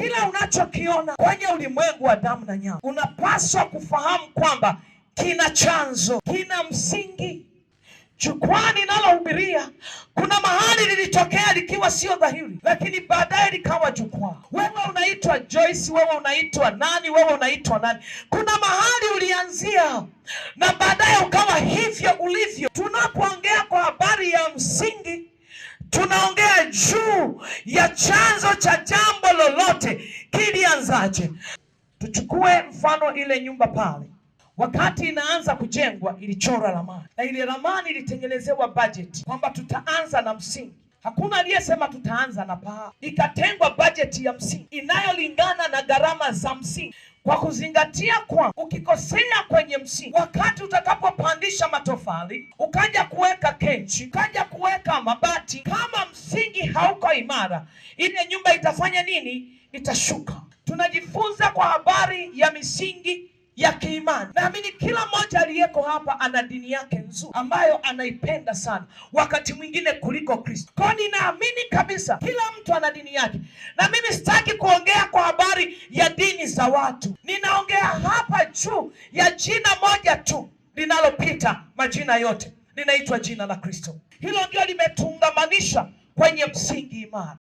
Kila unachokiona kwenye ulimwengu wa damu na nyama, unapaswa kufahamu kwamba kina chanzo, kina msingi. Jukwaa ninalohubiria kuna mahali lilitokea likiwa sio dhahiri, lakini baadaye likawa jukwaa. Wewe unaitwa Joyce, wewe unaitwa nani, wewe unaitwa nani? Kuna mahali ulianzia na baadaye ukawa hivyo ulivyo. Tunapoongea kwa habari ya msingi, tunaongea juu ya chanzo cha jambo wachache. Tuchukue mfano ile nyumba pale, wakati inaanza kujengwa ilichora ramani, na ile ramani ilitengenezewa bajeti kwamba tutaanza na msingi. Hakuna aliyesema tutaanza na paa, ikatengwa bajeti ya msingi inayolingana na gharama za msingi kwa kuzingatia kwa ukikosea kwenye msingi, wakati utakapopandisha matofali ukaja kuweka kechi ukaja kuweka mabati, kama msingi hauko imara, ile nyumba itafanya nini? Itashuka tunajifunza kwa habari ya misingi ya kiimani. Naamini kila mmoja aliyeko hapa ana dini yake nzuri ambayo anaipenda sana, wakati mwingine kuliko Kristo. Kwa ninaamini kabisa kila mtu ana dini yake, na mimi sitaki kuongea kwa habari ya dini za watu. Ninaongea hapa juu ya jina moja tu linalopita majina yote, linaitwa jina la Kristo. Hilo ndio limetungamanisha kwenye msingi imara.